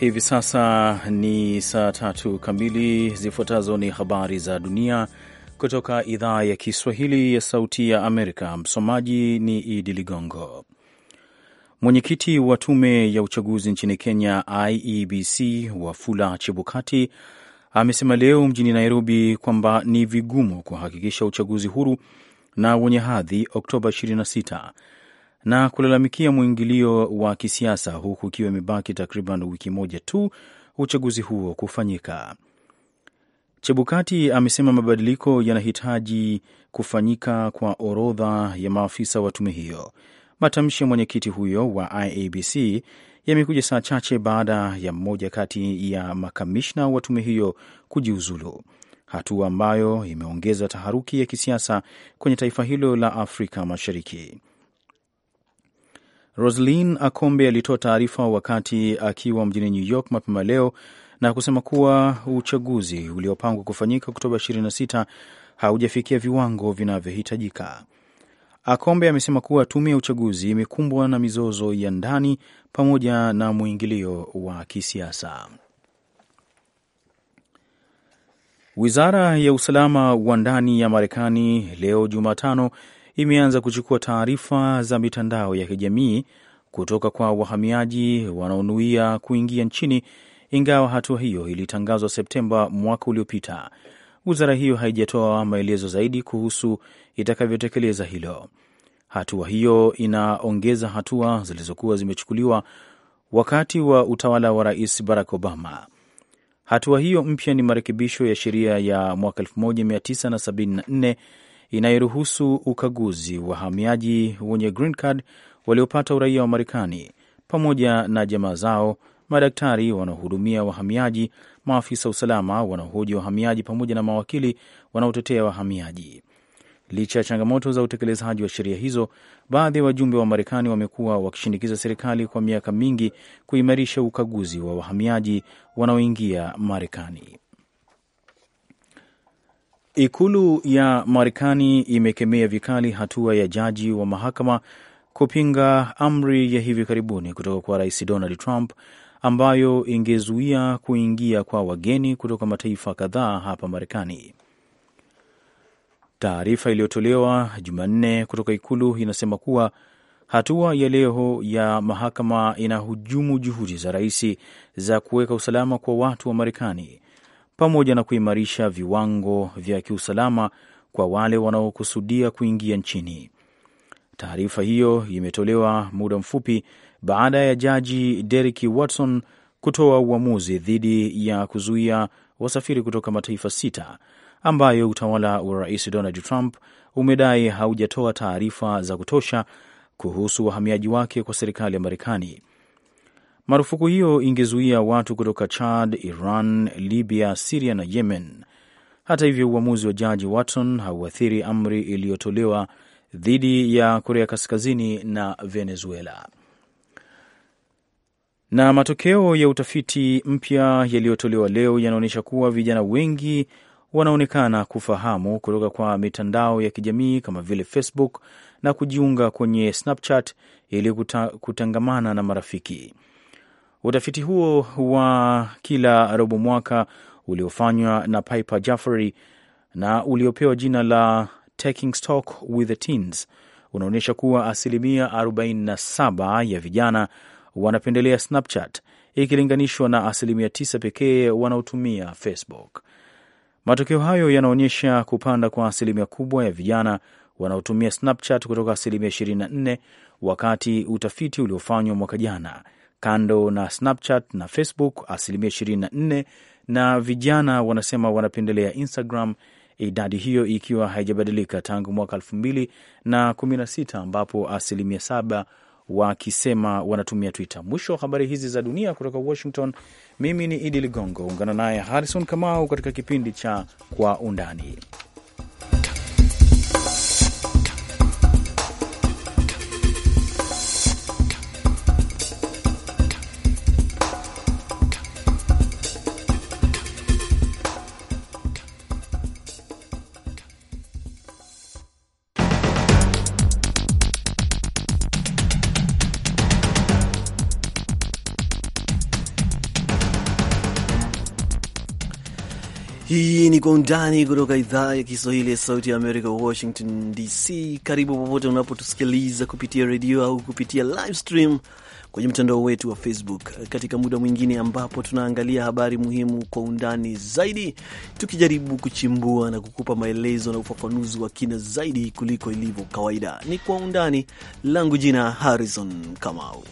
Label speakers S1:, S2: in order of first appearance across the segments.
S1: Hivi sasa ni saa tatu kamili. Zifuatazo ni habari za dunia kutoka idhaa ya Kiswahili ya Sauti ya Amerika. Msomaji ni Idi Ligongo. Mwenyekiti wa tume ya uchaguzi nchini Kenya, IEBC, Wafula Chebukati amesema leo mjini Nairobi kwamba ni vigumu kuhakikisha uchaguzi huru na wenye hadhi Oktoba 26 na kulalamikia mwingilio wa kisiasa, huku ikiwa imebaki takriban wiki moja tu uchaguzi huo kufanyika. Chebukati amesema mabadiliko yanahitaji kufanyika kwa orodha ya maafisa wa tume hiyo. Matamshi ya mwenyekiti huyo wa IABC yamekuja saa chache baada ya mmoja kati ya makamishna wa tume hiyo kujiuzulu, hatua ambayo imeongeza taharuki ya kisiasa kwenye taifa hilo la Afrika Mashariki roslin Akombe alitoa taarifa wakati akiwa mjini New York mapema leo na kusema kuwa uchaguzi uliopangwa kufanyika Oktoba 26 haujafikia viwango vinavyohitajika. Akombe amesema kuwa tume ya uchaguzi imekumbwa na mizozo ya ndani pamoja na mwingilio wa kisiasa. Wizara ya usalama wa ndani ya Marekani leo Jumatano imeanza kuchukua taarifa za mitandao ya kijamii kutoka kwa wahamiaji wanaonuia kuingia nchini, ingawa hatua hiyo ilitangazwa Septemba mwaka uliopita. Wizara hiyo haijatoa maelezo zaidi kuhusu itakavyotekeleza hilo. Hatua hiyo inaongeza hatua zilizokuwa zimechukuliwa wakati wa utawala wa Rais Barack Obama. Hatua hiyo mpya ni marekebisho ya sheria ya mwaka 1974 inayoruhusu ukaguzi wahamiaji wenye green card waliopata uraia wa Marekani pamoja na jamaa zao, madaktari wanaohudumia wahamiaji, maafisa usalama wanaohoji wahamiaji pamoja na mawakili wanaotetea wahamiaji. Licha ya changamoto za utekelezaji wa sheria hizo, baadhi ya wajumbe wa Marekani wamekuwa wakishinikiza serikali kwa miaka mingi kuimarisha ukaguzi wa wahamiaji wanaoingia Marekani. Ikulu ya Marekani imekemea vikali hatua ya jaji wa mahakama kupinga amri ya hivi karibuni kutoka kwa Rais Donald Trump ambayo ingezuia kuingia kwa wageni kutoka mataifa kadhaa hapa Marekani. Taarifa iliyotolewa Jumanne kutoka ikulu inasema kuwa hatua ya leo ya mahakama inahujumu juhudi za rais za kuweka usalama kwa watu wa Marekani pamoja na kuimarisha viwango vya kiusalama kwa wale wanaokusudia kuingia nchini. Taarifa hiyo imetolewa muda mfupi baada ya jaji Derek Watson kutoa uamuzi dhidi ya kuzuia wasafiri kutoka mataifa sita ambayo utawala wa rais Donald Trump umedai haujatoa taarifa za kutosha kuhusu wahamiaji wake kwa serikali ya Marekani. Marufuku hiyo ingezuia watu kutoka Chad, Iran, Libya, Siria na Yemen. Hata hivyo, uamuzi wa jaji Watson hauathiri amri iliyotolewa dhidi ya Korea Kaskazini na Venezuela. Na matokeo ya utafiti mpya yaliyotolewa leo yanaonyesha kuwa vijana wengi wanaonekana kufahamu kutoka kwa mitandao ya kijamii kama vile Facebook na kujiunga kwenye Snapchat ili kutangamana na marafiki. Utafiti huo wa kila robo mwaka uliofanywa na Piper Jaffray na uliopewa jina la Taking Stock with the Teens unaonyesha kuwa asilimia 47 ya vijana wanapendelea Snapchat ikilinganishwa na asilimia 9 pekee wanaotumia Facebook. Matokeo hayo yanaonyesha kupanda kwa asilimia kubwa ya vijana wanaotumia Snapchat kutoka asilimia 24 wakati utafiti uliofanywa mwaka jana kando na Snapchat na Facebook asilimia 24, na vijana wanasema wanapendelea Instagram, idadi hiyo ikiwa haijabadilika tangu mwaka 216 ambapo asilimia saba wakisema wanatumia Twitter. Mwisho wa habari hizi za dunia kutoka Washington. Mimi ni Idi Ligongo, ungana naye Harrison Kamau katika kipindi cha Kwa Undani.
S2: hii ni Kwa Undani kutoka idhaa ya Kiswahili ya Sauti ya Amerika, Washington DC. Karibu popote unapotusikiliza kupitia redio au kupitia live stream kwenye mtandao wetu wa Facebook, katika muda mwingine ambapo tunaangalia habari muhimu kwa undani zaidi, tukijaribu kuchimbua na kukupa maelezo na ufafanuzi wa kina zaidi kuliko ilivyo kawaida. Ni Kwa Undani, langu jina Harrison Kamau.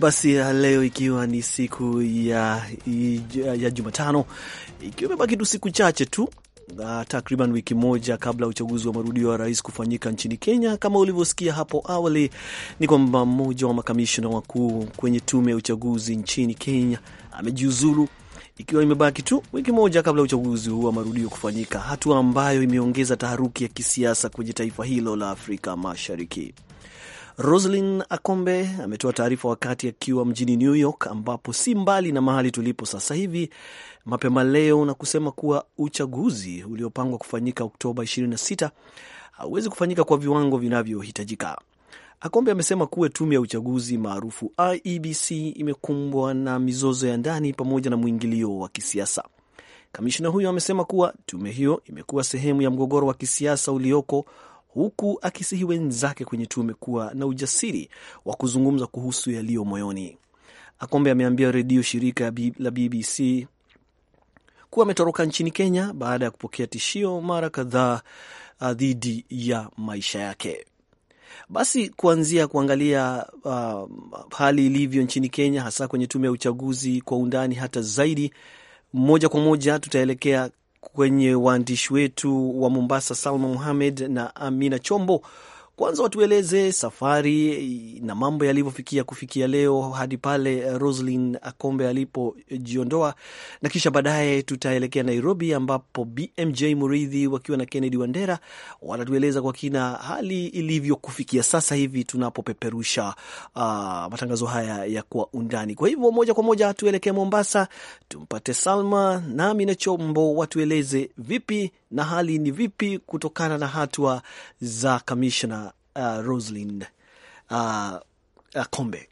S2: Basi uh, leo ikiwa ni siku ya, ya, ya Jumatano, ikiwa imebaki tu siku chache tu Uh, takriban wiki moja kabla ya uchaguzi wa marudio wa rais kufanyika nchini Kenya. Kama ulivyosikia hapo awali, ni kwamba mmoja wa makamishna wakuu kwenye tume ya uchaguzi nchini Kenya amejiuzulu ikiwa imebaki tu wiki moja kabla ya uchaguzi huu wa marudio kufanyika, hatua ambayo imeongeza taharuki ya kisiasa kwenye taifa hilo la Afrika Mashariki roslin Akombe ametoa taarifa wakati akiwa mjini New York, ambapo si mbali na mahali tulipo sasa hivi mapema leo, na kusema kuwa uchaguzi uliopangwa kufanyika Oktoba 26 hauwezi kufanyika kwa viwango vinavyohitajika. Akombe amesema kuwa tume ya uchaguzi maarufu IEBC imekumbwa na mizozo ya ndani pamoja na mwingilio wa kisiasa. Kamishina huyo amesema kuwa tume hiyo imekuwa sehemu ya mgogoro wa kisiasa ulioko huku akisihi wenzake kwenye tume kuwa na ujasiri wa kuzungumza kuhusu yaliyo moyoni. Akombe ameambia redio shirika la BBC kuwa ametoroka nchini Kenya baada ya kupokea tishio mara kadhaa uh, dhidi ya maisha yake. Basi kuanzia kuangalia uh, hali ilivyo nchini Kenya, hasa kwenye tume ya uchaguzi kwa undani hata zaidi, moja kwa moja tutaelekea kwenye waandishi wetu wa Mombasa, Salma Muhamed na Amina Chombo kwanza watueleze safari na mambo yalivyofikia kufikia leo hadi pale roslin Akombe alipojiondoa, na kisha baadaye tutaelekea Nairobi ambapo BMJ Muridhi wakiwa na Kennedy Wandera wanatueleza kwa kina hali ilivyo kufikia sasa hivi tunapopeperusha uh, matangazo haya ya kwa undani. Kwa hivyo moja kwa moja tuelekee Mombasa, tumpate Salma nami na Chombo watueleze vipi na hali ni vipi kutokana na hatua za kamishna uh, Rosalind uh, uh, Kombe.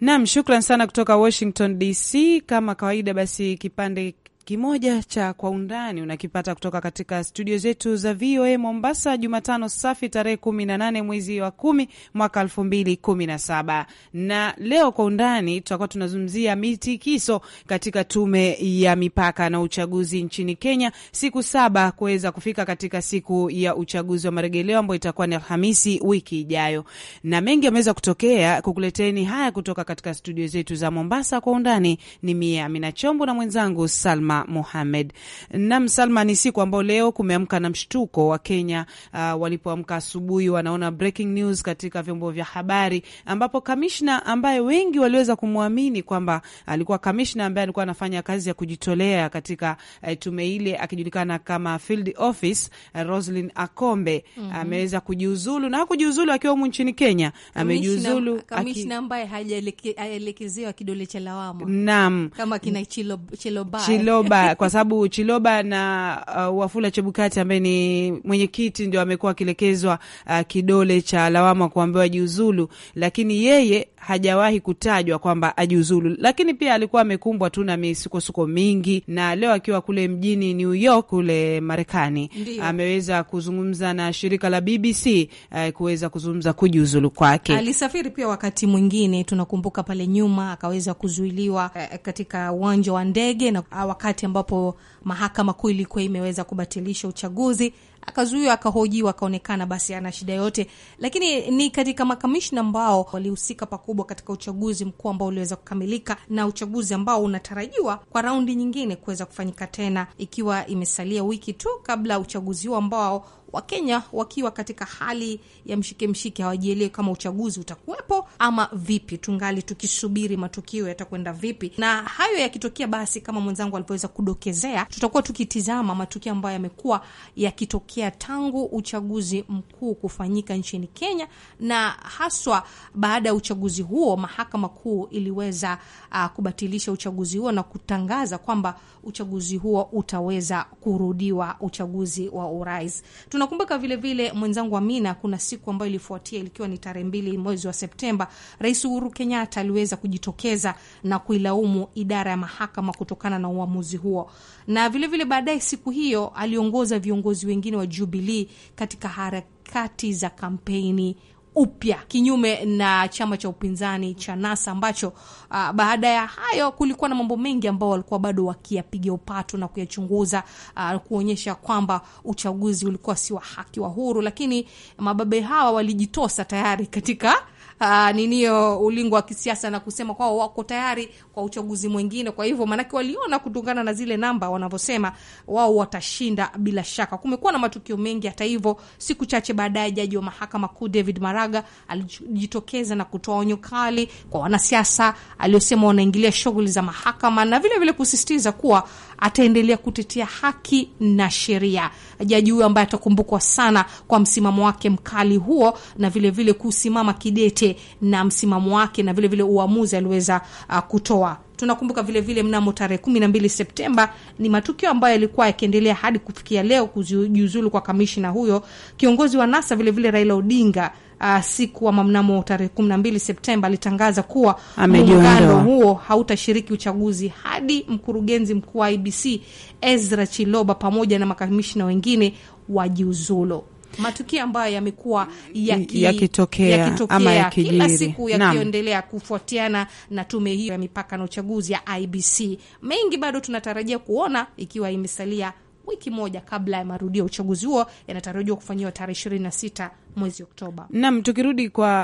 S3: Nam, shukran sana kutoka Washington DC. Kama kawaida, basi kipande Kimoja cha Kwa Undani unakipata kutoka katika studio zetu za VOA Mombasa, Jumatano safi tarehe 18 mwezi wa kumi mwaka 2017. Na leo Kwa Undani tutakuwa tunazungumzia mitikiso katika tume ya mipaka na uchaguzi nchini Kenya, siku saba kuweza kufika katika siku ya uchaguzi wa marejeleo ambayo itakuwa ni Alhamisi wiki ijayo, na mengi yameweza kutokea. Kukuleteni haya kutoka katika studio zetu za Mombasa. Kwa Undani ni mie Amina Chombo na mwenzangu Salma Salma Mohamed. Nam Salma, ni siku ambao leo kumeamka na mshtuko wa Kenya. Uh, walipoamka asubuhi, wanaona breaking news katika vyombo vya habari, ambapo kamishna ambaye wengi waliweza kumwamini kwamba alikuwa kamishna ambaye alikuwa anafanya kazi ya kujitolea katika uh, tume ile akijulikana kama field office uh, Roslyn Akombe mm -hmm. ameweza kujiuzulu na hakujiuzulu akiwa humu nchini Kenya, amejiuzulu
S4: kamishna ambaye hajaelekezewa kidole cha lawama,
S3: naam,
S4: kama kina Chiloba chilo Chiloba kwa
S3: sababu Chiloba na uh, Wafula Chebukati ambaye ni mwenyekiti ndio amekuwa akilekezwa uh, kidole cha lawama kuambiwa jiuzulu lakini yeye hajawahi kutajwa kwamba ajiuzulu, lakini pia alikuwa amekumbwa tu na misukosuko mingi, na leo akiwa kule mjini New York kule Marekani ameweza kuzungumza na shirika la BBC uh, kuweza kuzungumza kujiuzulu kwake. Alisafiri pia
S4: wakati mwingine, tunakumbuka pale nyuma akaweza kuzuiliwa uh, katika uwanja wa ndege na ah, wakati wakati ambapo mahakama kuu ilikuwa imeweza kubatilisha uchaguzi akazuiwa, akahojiwa, akaonekana basi ana shida yote, lakini ni katika makamishna ambao walihusika pakubwa katika uchaguzi mkuu ambao uliweza kukamilika na uchaguzi ambao unatarajiwa kwa raundi nyingine kuweza kufanyika tena, ikiwa imesalia wiki tu kabla uchaguzi huo ambao Wakenya wakiwa katika hali ya mshike mshike, hawajielewi kama uchaguzi utakuwepo ama vipi. Tungali tukisubiri matukio yatakwenda vipi, na hayo yakitokea, basi kama mwenzangu alivyoweza kudokezea, tutakuwa tukitizama matukio ambayo yamekuwa yakitokea kutokea tangu uchaguzi mkuu kufanyika nchini Kenya, na haswa baada ya uchaguzi huo mahakama kuu iliweza uh, kubatilisha uchaguzi huo na kutangaza kwamba uchaguzi huo utaweza kurudiwa, uchaguzi wa urais. Tunakumbuka vilevile, mwenzangu Amina, kuna siku ambayo ilifuatia ilikiwa ni tarehe mbili mwezi wa Septemba, Rais Uhuru Kenyatta aliweza kujitokeza na kuilaumu idara ya mahakama kutokana na uamuzi huo, na vilevile baadaye siku hiyo aliongoza viongozi wengine wa jubilii Jubilee katika harakati za kampeni upya kinyume na chama cha upinzani cha NASA ambacho uh, baada ya hayo kulikuwa na mambo mengi ambao walikuwa bado wakiyapiga upato na kuyachunguza uh, kuonyesha kwamba uchaguzi ulikuwa si wa haki wa huru, lakini mababe hawa walijitosa tayari katika Ah, ninio ulingo wa kisiasa na kusema kwao wako tayari kwa uchaguzi mwingine. Kwa hivyo maanake waliona kutungana na zile namba wanavyosema wao watashinda bila shaka. Kumekuwa na matukio mengi hata hivyo. Siku chache baadaye, jaji wa mahakama kuu David Maraga alijitokeza na kutoa onyo kali kwa wanasiasa aliosema wanaingilia shughuli za mahakama na vile vile kusisitiza kuwa ataendelea kutetea haki na sheria. Jaji huyo ambaye atakumbukwa sana kwa msimamo wake mkali huo na vile vile kusimama kidete yake na msimamo wake na vilevile vile uamuzi aliweza uh, kutoa. Tunakumbuka vilevile mnamo tarehe kumi na mbili Septemba ni matukio ambayo yalikuwa yakiendelea hadi kufikia leo, kujiuzulu kwa kamishina huyo. Kiongozi wa NASA vilevile vile Raila Odinga Uh, siku ama mnamo tarehe kumi na mbili Septemba alitangaza kuwa muungano huo hautashiriki uchaguzi hadi mkurugenzi mkuu wa IBC Ezra Chiloba pamoja na makamishina wengine wajiuzulo matukio ambayo yamekuwa yakitokea ya ya ama ya kila siku yakiendelea kufuatiana na tume hiyo ya mipaka na uchaguzi ya IBC. Mengi bado tunatarajia kuona ikiwa imesalia wiki moja kabla ya marudio ya uchaguzi huo, yanatarajiwa kufanyiwa tarehe 26 mwezi Oktoba.
S3: Naam, tukirudi kwa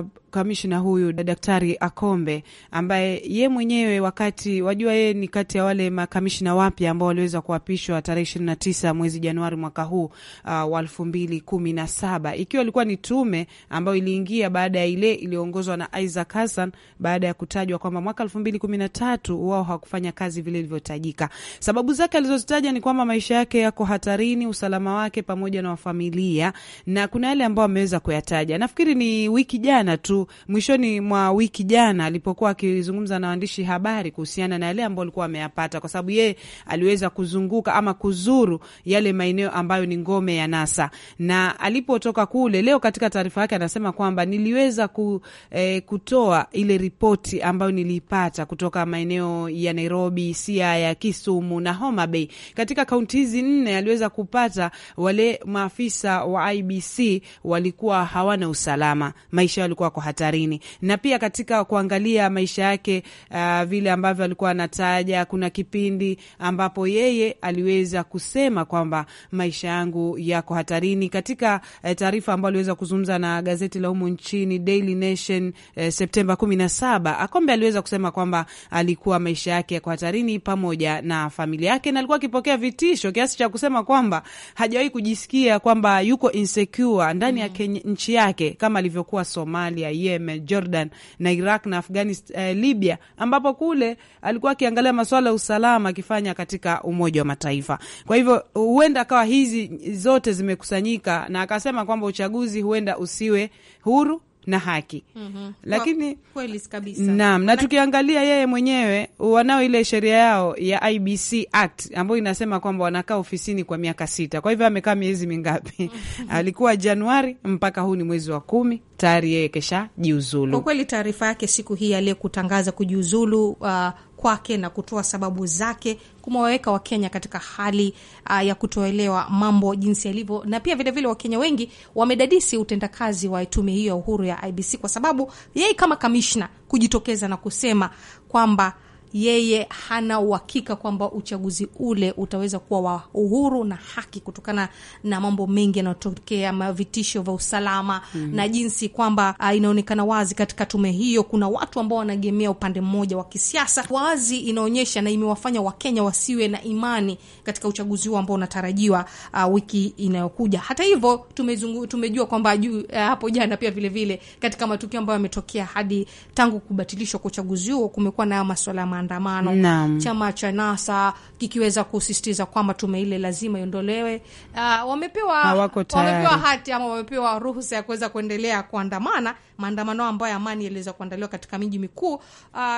S3: uh, kamishina huyu Daktari Akombe ambaye ye mwenyewe wakati wajua, yeye ni kati ya wale makamishina wapya ambao waliweza kuapishwa tarehe ishirini na tisa mwezi Januari mwaka huu uh, wa elfu mbili kumi na saba ikiwa ilikuwa ni tume ambayo iliingia baada ya ile iliyoongozwa na Isaac Hassan baada ya kutajwa kwamba mwaka elfu mbili kumi na tatu wao hawakufanya kazi vile ilivyotajika. Sababu zake alizozitaja ni kwamba maisha yake yako hatarini, usalama wake pamoja na wafamilia na kuna yale ambayo ameweza kuyataja. Nafikiri ni wiki jana tu, mwishoni mwa wiki jana, alipokuwa akizungumza na waandishi habari kuhusiana na yale ambayo alikuwa ameyapata, kwa sababu yeye aliweza kuzunguka ama kuzuru yale maeneo ambayo ni ngome ya NASA, na alipotoka kule leo, katika taarifa yake anasema kwamba niliweza ku, eh, kutoa ile ripoti ambayo niliipata kutoka maeneo ya Nairobi, Siaya, Kisumu na Homa Bay. Katika kaunti hizi nne aliweza kupata wale maafisa wa IBC walikuwa hawana usalama, maisha yalikuwa kwa hatarini. Na pia katika kuangalia maisha yake, uh, vile ambavyo alikuwa anataja, kuna kipindi ambapo yeye aliweza kusema kwamba maisha yangu yako hatarini, katika uh, taarifa ambayo aliweza kuzungumza na gazeti la humu nchini Daily Nation uh, Septemba 17 Akombe aliweza kusema kwamba alikuwa maisha yake yako hatarini pamoja na familia yake, na alikuwa akipokea vitisho kiasi cha kusema kwamba hajawahi kujisikia kwamba yuko insecure ndani ndani ya Kenya, nchi yake kama alivyokuwa Somalia, Yemen, Jordan na Iraq na Afghanistan, eh, Libya ambapo kule alikuwa akiangalia masuala ya usalama akifanya katika Umoja wa Mataifa. Kwa hivyo huenda akawa hizi zote zimekusanyika na akasema kwamba uchaguzi huenda usiwe huru na haki mm-hmm. Lakini kweli kabisa naam, na tukiangalia yeye mwenyewe wanao ile sheria yao ya IBC Act ambayo inasema kwamba wanakaa ofisini kwa miaka sita. Kwa hivyo amekaa miezi mingapi? Mhm. Alikuwa Januari mpaka huu ni mwezi wa kumi, tayari yeye kesha jiuzulu. Kwa
S4: kweli taarifa yake siku hii aliyekutangaza kujiuzulu uh, kwake na kutoa sababu zake kumewaweka Wakenya katika hali uh, ya kutoelewa mambo jinsi yalivyo, na pia vilevile Wakenya wengi wamedadisi utendakazi wa tume hiyo ya uhuru ya IBC, kwa sababu yeye kama kamishna kujitokeza na kusema kwamba yeye hana uhakika kwamba uchaguzi ule utaweza kuwa wa uhuru na haki, kutokana na mambo mengi yanayotokea, ma vitisho vya usalama mm. na jinsi kwamba uh, inaonekana wazi katika tume hiyo kuna watu ambao wanaegemea upande mmoja wa kisiasa. Wazi inaonyesha na imewafanya Wakenya wasiwe na imani katika uchaguzi huo ambao unatarajiwa uh, wiki inayokuja. Hata hivyo tumezungu, tumejua kwamba uh, hapo jana pia vilevile vile, katika matukio ambayo yametokea hadi tangu kubatilishwa kwa uchaguzi huo kumekuwa na maswala maandamano Chama cha NASA kikiweza kusisitiza kwamba tume ile lazima iondolewe. Uh, wamepewa wamepewa hati ama wamepewa ruhusa ya kuweza kuendelea kuandamana maandamano ambayo amani yaliweza kuandaliwa katika miji mikuu. Uh,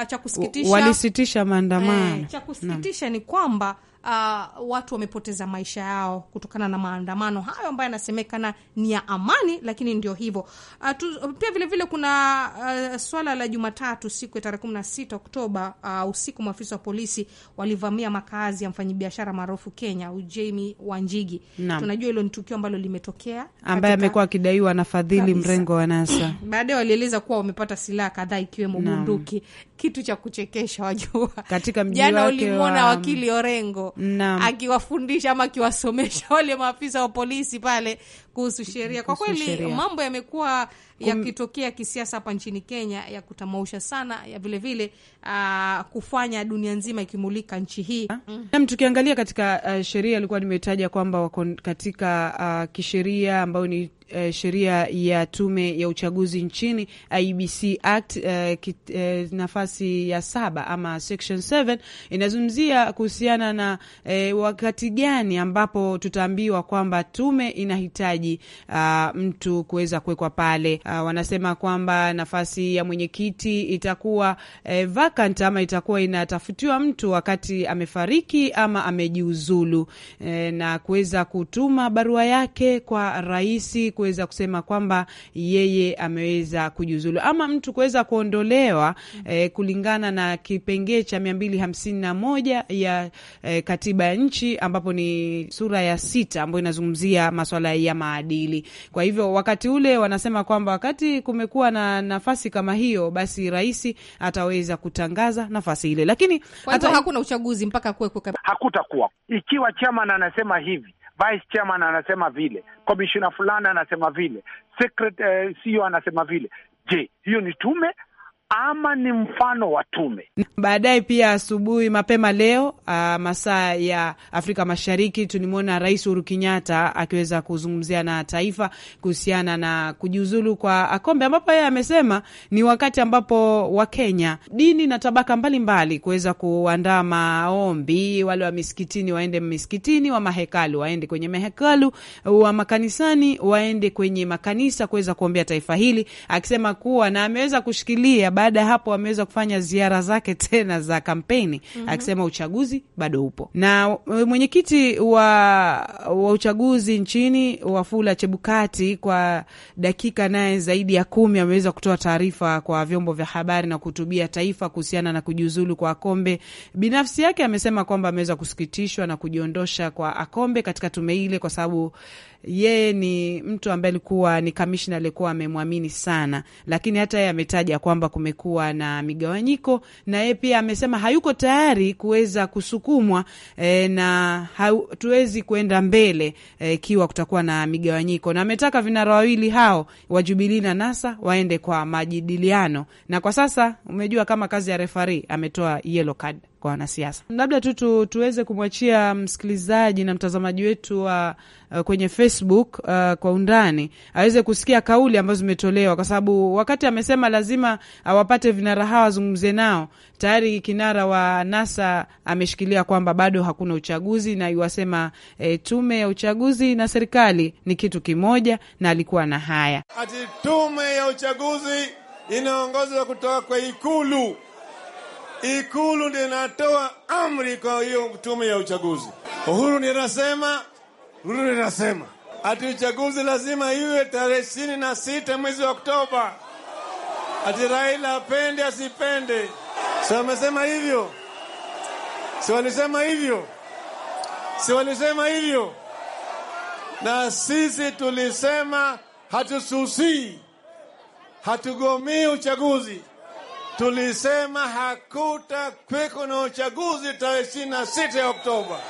S4: cha kusikitisha walisitisha
S3: maandamano eh, cha kusikitisha
S4: ni kwamba Uh, watu wamepoteza maisha yao kutokana na maandamano hayo ambayo yanasemekana ni ya amani, lakini ndio hivyo. Uh, pia vile vile kuna uh, swala la Jumatatu siku ya tarehe kumi na sita Oktoba uh, usiku, maafisa wa polisi walivamia makazi ya mfanyabiashara maarufu Kenya Ujemi Wanjigi. Tunajua hilo ni tukio ambalo limetokea,
S3: ambaye amekuwa akidaiwa fadhili mrengo wa NASA
S4: baadaye walieleza kuwa wamepata silaha kadhaa ikiwemo bunduki. Kitu cha kuchekesha, wajua, katika mji jana ulimwona wa... wakili Orengo akiwafundisha ama akiwasomesha wale maafisa wa polisi pale kuhusu sheria. Kwa kweli mambo yamekuwa yakitokea kisiasa hapa nchini Kenya ya kutamausha sana, ya vilevile vile, uh, kufanya dunia nzima ikimulika nchi hii
S1: ah.
S3: mm. Nam, tukiangalia katika uh, sheria alikuwa nimetaja kwamba wako katika uh, kisheria ambayo ni Uh, sheria ya tume ya uchaguzi nchini ibc Act uh, kit, uh, nafasi ya saba ama section 7 inazungumzia kuhusiana na uh, wakati gani ambapo tutaambiwa kwamba tume inahitaji unahitaji uh, mtu kuweza kuwekwa pale. Uh, wanasema kwamba nafasi ya mwenyekiti itakuwa eh, vacant ama itakuwa inatafutiwa mtu wakati amefariki ama amejiuzulu, eh, na kuweza kutuma barua yake kwa rais kuweza kusema kwamba yeye ameweza kujiuzulu ama mtu kuweza kuondolewa eh, kulingana na kipengee cha mia mbili hamsini na moja ya eh, katiba ya nchi ambapo ni sura ya sita ambayo inazungumzia maswala ya maa maadili. Kwa hivyo wakati ule wanasema kwamba wakati kumekuwa na nafasi kama hiyo, basi rais ataweza kutangaza nafasi ile, lakini hata... hakuna uchaguzi mpaka
S5: kuwekwe, hakutakuwa ikiwa chairman anasema hivi vice chairman anasema vile, komishina fulani anasema vile, secret eh, CEO anasema vile. Je, hiyo ni tume ama ni mfano wa tume.
S3: Baadaye pia asubuhi mapema leo uh, masaa ya Afrika Mashariki tulimwona Rais Uhuru Kenyatta akiweza kuzungumzia na taifa kuhusiana na kujiuzulu kwa Akombe, ambapo yeye amesema ni wakati ambapo Wakenya dini na tabaka mbalimbali kuweza kuandaa maombi, wale wa misikitini waende misikitini, wa mahekalu waende kwenye mahekalu, wa makanisani waende kwenye makanisa kuweza kuombea taifa hili, akisema kuwa na ameweza kushikilia baada ya hapo, ameweza kufanya ziara zake tena za kampeni mm -hmm. akisema uchaguzi bado upo, na e, mwenyekiti wa, wa uchaguzi nchini Wafula Chebukati kwa dakika naye zaidi ya kumi ameweza kutoa taarifa kwa vyombo vya habari na kuhutubia taifa kuhusiana na kujiuzulu kwa Akombe. Binafsi yake amesema kwamba ameweza kusikitishwa na kujiondosha kwa Akombe katika tume ile kwa sababu yeye ni mtu ambaye alikuwa ni kamishna aliyekuwa amemwamini sana, lakini hata yeye ametaja kwamba kume kumekuwa na migawanyiko, na yeye pia amesema hayuko tayari kuweza kusukumwa e, na hatuwezi kuenda mbele eh, ikiwa e, kutakuwa na migawanyiko, na ametaka vinara wawili hao wa Jubilee na NASA waende kwa majadiliano, na kwa sasa umejua kama kazi ya refari ametoa yellow card kwa wanasiasa. Labda tu tu tuweze kumwachia msikilizaji na mtazamaji wetu wa uh, kwenye Facebook uh, kwa undani aweze kusikia kauli ambazo zimetolewa, kwa sababu wakati amesema lazima awapate vinara hawa wazungumze nao, tayari kinara wa NASA ameshikilia kwamba bado hakuna uchaguzi na iwasema e, eh, tume ya uchaguzi na serikali ni kitu kimoja, na alikuwa na haya
S6: ati tume ya uchaguzi inaongozwa kutoka kwa Ikulu Ikulu ndio inatoa amri kwa hiyo tume ya uchaguzi. Uhuru ndio inasema, Uhuru ndio inasema ati uchaguzi lazima iwe tarehe ishirini na sita mwezi wa Oktoba, ati Raila apende asipende. Si wamesema hivyo? Si walisema hivyo? Si walisema hivyo? Na sisi tulisema hatususii, hatugomii uchaguzi. Tulisema hakuta kweko na uchaguzi tarehe 26 ya Oktoba,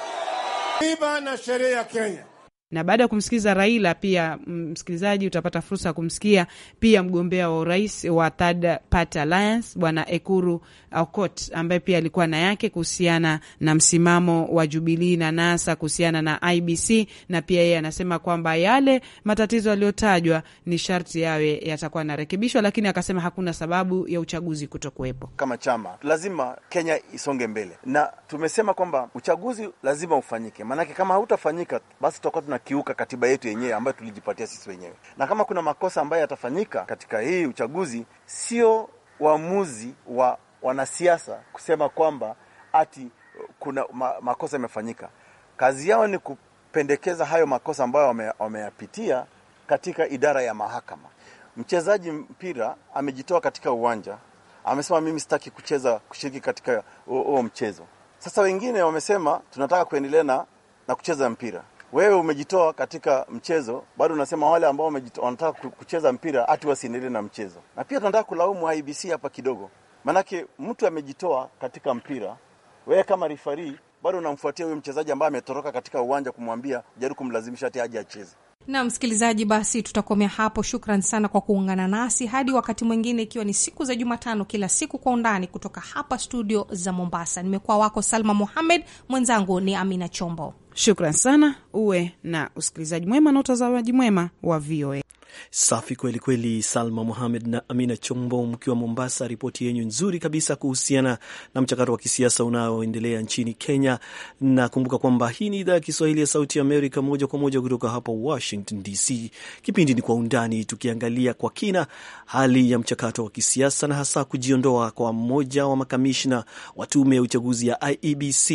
S6: katiba na sheria ya Kenya
S3: na baada ya kumsikiza Raila pia mm, msikilizaji, utapata fursa ya kumsikia pia mgombea wa urais wa Third Party Alliance Bwana Ekuru Aukot ambaye pia alikuwa na yake kuhusiana na msimamo wa Jubilii na NASA kuhusiana na IBC, na pia yeye anasema kwamba yale matatizo yaliyotajwa ni sharti yawe yatakuwa narekebishwa, lakini akasema hakuna sababu ya uchaguzi kutokuwepo.
S7: Kama chama lazima Kenya isonge mbele, na tumesema kwamba uchaguzi lazima ufanyike, maanake kama hautafanyika basi tutakuwa tuna tunakiuka katiba yetu yenyewe ambayo tulijipatia sisi wenyewe. Na kama kuna makosa ambayo yatafanyika katika hii uchaguzi, sio uamuzi wa wanasiasa kusema kwamba ati uh, kuna makosa yamefanyika. Kazi yao ni kupendekeza hayo makosa ambayo wameyapitia katika idara ya mahakama. Mchezaji mpira amejitoa katika uwanja, amesema mimi sitaki kucheza, kushiriki katika huo mchezo. Sasa wengine wamesema tunataka kuendelea na, na kucheza mpira wewe umejitoa katika mchezo, bado unasema wale ambao wanataka kucheza mpira ati wasiendelee na mchezo. Na pia tunataka kulaumu IBC hapa kidogo, maanake mtu amejitoa katika mpira, wewe kama rifari bado unamfuatia huyo mchezaji ambaye ametoroka katika uwanja kumwambia, jaribu kumlazimisha ati aje acheze.
S4: Na msikilizaji, basi tutakomea hapo. Shukran sana kwa kuungana nasi hadi wakati mwingine, ikiwa ni siku za Jumatano kila siku kwa undani kutoka hapa studio za Mombasa. Nimekuwa wako Salma Mohamed, mwenzangu ni Amina Chombo.
S3: Shukran sana, uwe na usikilizaji mwema na utazamaji mwema wa VOA. Safi kweli kweli, Salma muhamed na Amina Chombo mkiwa Mombasa,
S2: ripoti yenyu nzuri kabisa kuhusiana na mchakato wa kisiasa unaoendelea nchini Kenya. Na kumbuka kwamba hii ni idhaa ya Kiswahili ya Sauti ya Amerika, moja kwa moja kutoka hapa Washington DC. Kipindi ni Kwa Undani, tukiangalia kwa kina hali ya mchakato wa kisiasa na hasa kujiondoa kwa mmoja wa makamishna wa tume ya uchaguzi ya IEBC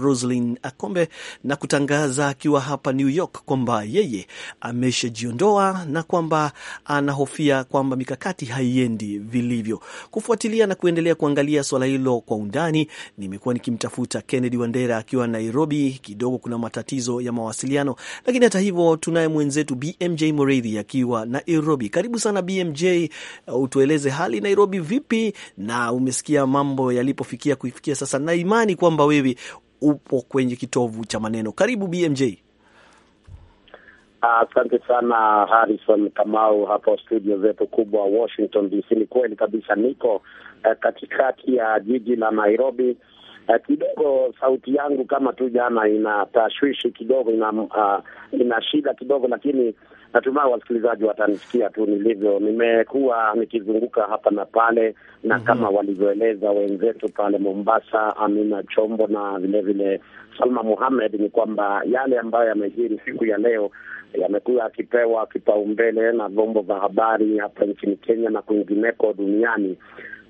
S2: Roslyn Akombe na kutangaza akiwa hapa New York kwamba yeye ameshajiondoa na kwa kwamba anahofia kwamba mikakati haiendi vilivyo. Kufuatilia na kuendelea kuangalia swala hilo kwa undani, nimekuwa nikimtafuta Kennedy Wandera akiwa Nairobi. Kidogo kuna matatizo ya mawasiliano, lakini hata hivyo tunaye mwenzetu BMJ Mureithi akiwa Nairobi. Karibu sana BMJ, utueleze hali Nairobi vipi, na umesikia mambo yalipofikia kuifikia sasa, na imani kwamba wewe upo kwenye kitovu cha maneno. Karibu BMJ.
S5: Asante uh, sana Harrison Kamau hapo studio zetu kubwa Washington DC. Ni kweli kabisa, niko uh, katikati ya jiji la Nairobi. Uh, kidogo sauti yangu kama tu jana ina tashwishi kidogo, ina uh, ina shida kidogo, lakini natumai wasikilizaji watanisikia tu nilivyo. Nimekuwa nikizunguka hapa na pale na mm -hmm. kama walivyoeleza wenzetu pale Mombasa, Amina Chombo na vilevile Salma Muhamed, ni kwamba yale ambayo yamejiri siku ya leo yamekuwa akipewa kipaumbele na vyombo vya habari hapa nchini Kenya na kwingineko duniani.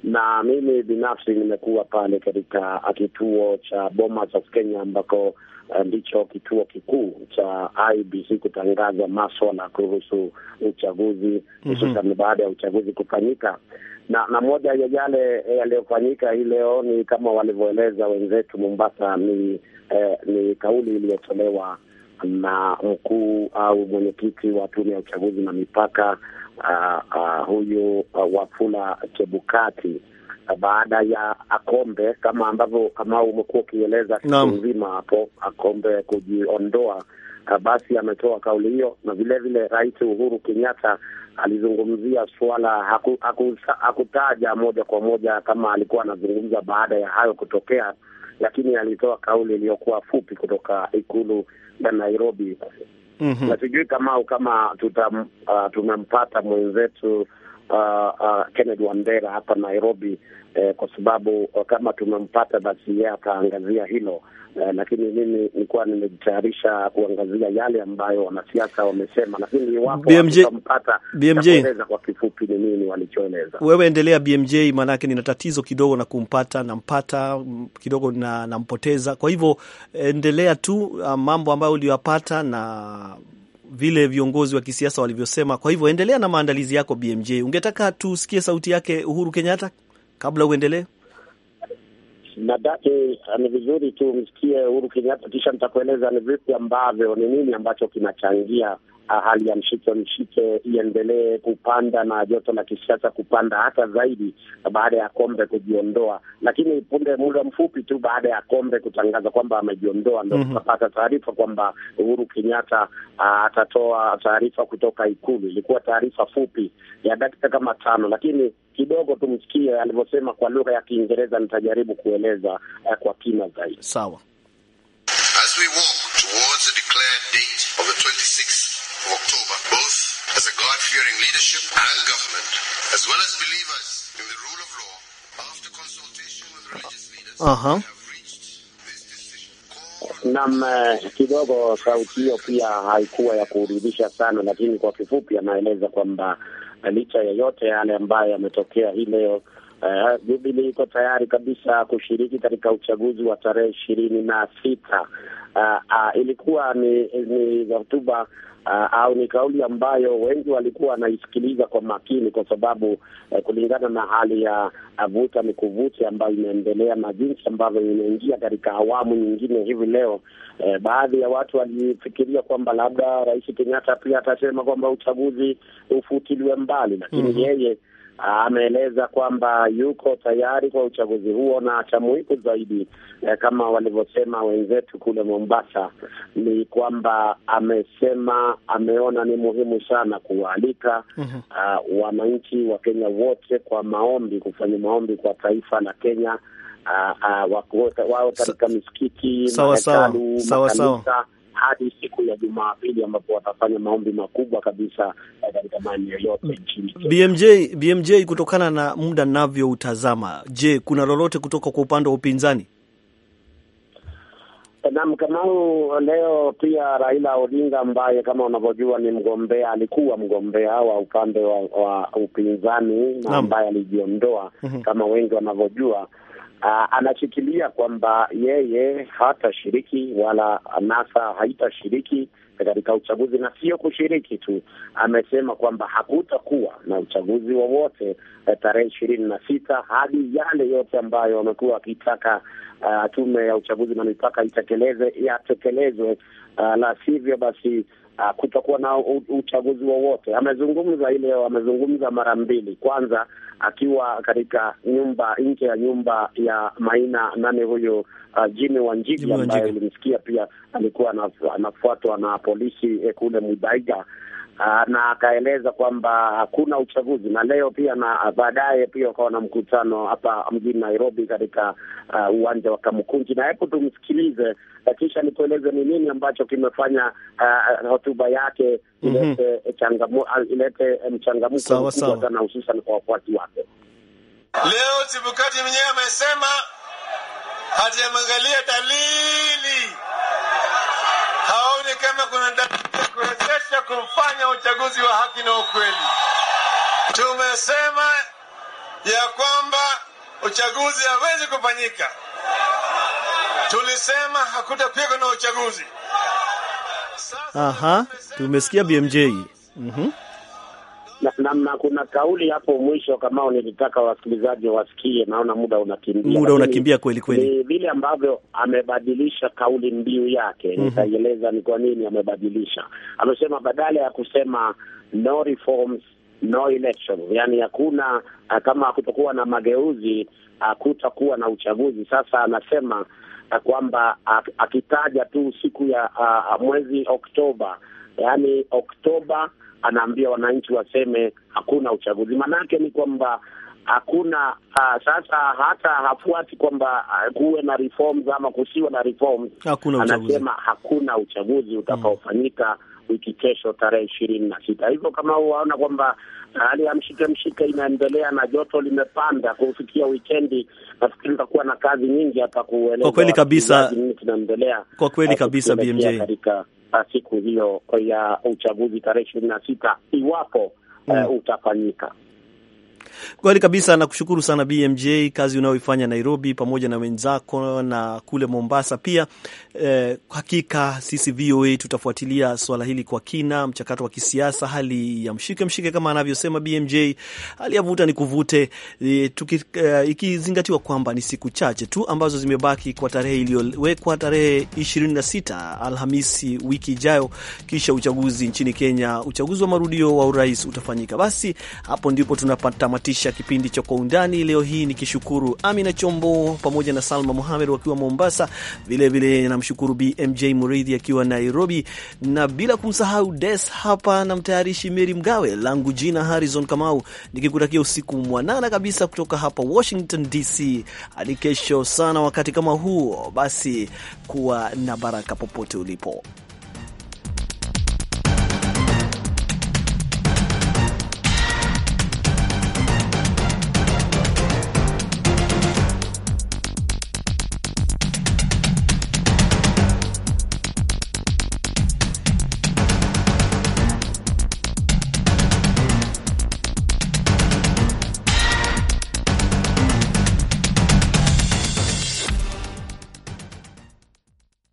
S5: Na mimi binafsi nimekuwa pale katika kituo cha Bomas of Kenya ambako eh, ndicho uh, kituo kikuu cha IBC kutangaza maswala kuhusu uchaguzi mhm. hususan mm -hmm. baada ya uchaguzi kufanyika, na na moja ya yale eh, yaliyofanyika hii leo ni kama walivyoeleza wenzetu Mombasa, ni eh, ni kauli iliyotolewa na mkuu au mwenyekiti wa tume ya uchaguzi na mipaka uh, uh, huyu uh, Wafula Chebukati baada ya Akombe kama ambavyo kama umekuwa ukieleza siku nzima hapo Akombe kujiondoa, basi ametoa kauli hiyo, na vile vile Rais Uhuru Kenyatta alizungumzia suala haku, haku, hakutaja moja kwa moja kama alikuwa anazungumza baada ya hayo kutokea, lakini alitoa kauli iliyokuwa fupi kutoka ikulu na Nairobi.
S6: mm -hmm. Na sijui
S5: kama kama uh, tumempata mwenzetu uh, uh, Kennedy Wandera hapa Nairobi eh, kwa sababu uh, kama tumempata basi yeye ataangazia hilo eh, lakini mimi nilikuwa nimejitayarisha kuangazia yale ambayo wanasiasa wamesema, lakini iwapo tutampata kueleza kwa kifupi ni nini walichoeleza.
S2: Wewe endelea BMJ, maanake nina tatizo kidogo na kumpata, nampata mm, kidogo na nampoteza, kwa hivyo endelea tu uh, mambo ambayo uliyoyapata na vile viongozi wa kisiasa walivyosema. Kwa hivyo endelea na maandalizi yako BMJ. Ungetaka tusikie sauti yake Uhuru Kenyatta
S5: kabla uendelee? Nadhani ah, ni vizuri tumsikie Uhuru Kenyatta, kisha nitakueleza ni vipi ambavyo, ni nini ambacho kinachangia Ah, hali ya mshike mshike iendelee kupanda na joto la kisiasa kupanda hata zaidi baada ya Kombe kujiondoa. Lakini punde muda mfupi tu baada ya Kombe kutangaza kwamba amejiondoa, ndo mhm. tukapata mm -hmm. taarifa kwamba Uhuru Kenyatta ah, atatoa taarifa kutoka Ikulu. Ilikuwa taarifa fupi ya dakika kama tano, lakini kidogo tumsikie alivyosema kwa lugha ya Kiingereza. Nitajaribu kueleza eh, kwa kina zaidi. Sawa.
S6: as well as believers in the rule of law,
S2: after consultation with religious leaders, uh
S5: eh, -huh. kidogo sauti hiyo pia haikuwa ya kuridhisha sana, lakini kwa kifupi anaeleza kwamba licha ya yote yale ambayo yametokea hii leo Uh, Jubilee iko tayari kabisa kushiriki katika uchaguzi wa tarehe ishirini na sita. Uh, uh, ilikuwa ni ni hotuba uh, au ni kauli ambayo wengi walikuwa wanaisikiliza kwa makini, kwa sababu uh, kulingana na hali ya uh, vuta ni kuvuti ambayo imeendelea na jinsi ambavyo imeingia katika awamu nyingine hivi leo, uh, baadhi ya watu walifikiria kwamba labda Rais Kenyatta pia atasema kwamba uchaguzi ufutiliwe mbali, lakini mm -hmm. yeye ameeleza kwamba yuko tayari kwa uchaguzi huo, na cha muhimu zaidi eh, kama walivyosema wenzetu kule Mombasa ni kwamba amesema ameona ni muhimu sana kuwaalika mm -hmm. uh, wananchi wa Kenya wote kwa maombi, kufanya maombi kwa taifa la Kenya uh, uh, wao katika misikiti, sawa sawa sawa sawa hadi siku ya Jumapili ambapo watafanya maombi makubwa kabisa eh, katika maeneo yote
S2: nchini. BMJ BMJ, kutokana na muda navyoutazama, je, kuna lolote kutoka kwa upande wa upinzani?
S5: Naam, Kamau, leo pia Raila Odinga ambaye kama unavyojua ni mgombea, alikuwa mgombea wa upande wa, wa upinzani na ambaye alijiondoa mhm. kama wengi wanavyojua Uh, anashikilia kwamba yeye hatashiriki wala NASA haitashiriki katika uchaguzi, na sio kushiriki tu, amesema kwamba hakutakuwa na uchaguzi wowote eh, tarehe ishirini na sita hadi yale yote ambayo amekuwa akitaka uh, tume ya uchaguzi na mipaka itekeleze yatekelezwe, uh, la sivyo basi Ah, kutakuwa na uchaguzi wowote. Amezungumza ile amezungumza mara mbili, kwanza akiwa katika nyumba nje ya nyumba ya Maina nane huyu uh, Jimmy Wanjigi ambaye ulimsikia pia alikuwa anafuatwa na polisi eh, kule Mubaiga Aa, ah, na akaeleza kwamba hakuna uchaguzi na leo pia na baadaye pia ukawa na mkutano hapa mjini Nairobi katika uh, uwanja wa Kamukunji. Na hebu tumsikilize, eh, kisha nikueleze ni nini ambacho kimefanya uh, hotuba yake ilete mm-hmm. mkubwa sana hususan kwa wafuasi wake.
S6: Leo Chebukati mwenyewe amesema hajaangalia dalili, haoni kama kuna dalili kuwezesha kufanya uchaguzi wa haki na ukweli. Tumesema ya kwamba uchaguzi hawezi kufanyika. Tulisema hakutapigwa na uchaguzi.
S2: Aha, tumesikia BMJ. -hmm
S5: na, na, na kuna kauli hapo mwisho kama nilitaka wasikilizaji wasikie. Naona muda unakimbia, muda unakimbia
S2: kweli kweli. Ni
S5: vile ambavyo amebadilisha kauli mbiu yake, mhm. nitaieleza mm -hmm. ni kwa nini amebadilisha. Amesema badala ya kusema no reforms no elections, yani hakuna ah, kama kutokuwa na mageuzi hakutakuwa na uchaguzi. Sasa anasema ah, kwamba ah, akitaja tu siku ya a, mwezi Oktoba, yani Oktoba anaambia wananchi waseme hakuna uchaguzi. Maanake ni kwamba hakuna uh, sasa hata hafuati kwamba uh, kuwe na reforms ama kusiwe na reforms. Hakuna uchaguzi. Anasema hakuna uchaguzi utakaofanyika mm, wiki kesho tarehe ishirini na sita. Hivyo kama waona kwamba ah, hali ya mshike mshike inaendelea na joto limepanda kufikia wikendi, nafikiri utakuwa na kazi nyingi hapa kueleza kwa kweli kabisa, kwa kweli kabisa BMJ katika siku hiyo ya uchaguzi tarehe ishirini na sita iwapo uh, utafanyika.
S2: Kweli kabisa, nakushukuru sana BMJ, kazi unayoifanya Nairobi pamoja na wenzako na kule Mombasa pia. Eh, hakika sisi VOA tutafuatilia swala hili kwa kina, mchakato wa kisiasa, hali ya mshike mshike kama anavyosema BMJ, hali ya vuta ni kuvute eh, eh, ikizingatiwa kwamba ni siku chache tu ambazo zimebaki kwa tarehe iliyowekwa, tarehe 26 Alhamisi wiki ijayo, kisha uchaguzi nchini Kenya, uchaguzi wa marudio wa urais utafanyika. Basi hapo ndipo tunapata kutamatisha kipindi cha Kwa Undani leo hii, nikishukuru Amina Chombo pamoja na Salma muhamed wakiwa Mombasa, vilevile namshukuru BMJ Muridhi akiwa Nairobi, na bila kumsahau Des hapa na mtayarishi Meri Mgawe. Langu jina Harrison Kamau, nikikutakia usiku mwanana kabisa kutoka hapa Washington DC. Hadi kesho sana wakati kama huo, basi kuwa na baraka popote ulipo.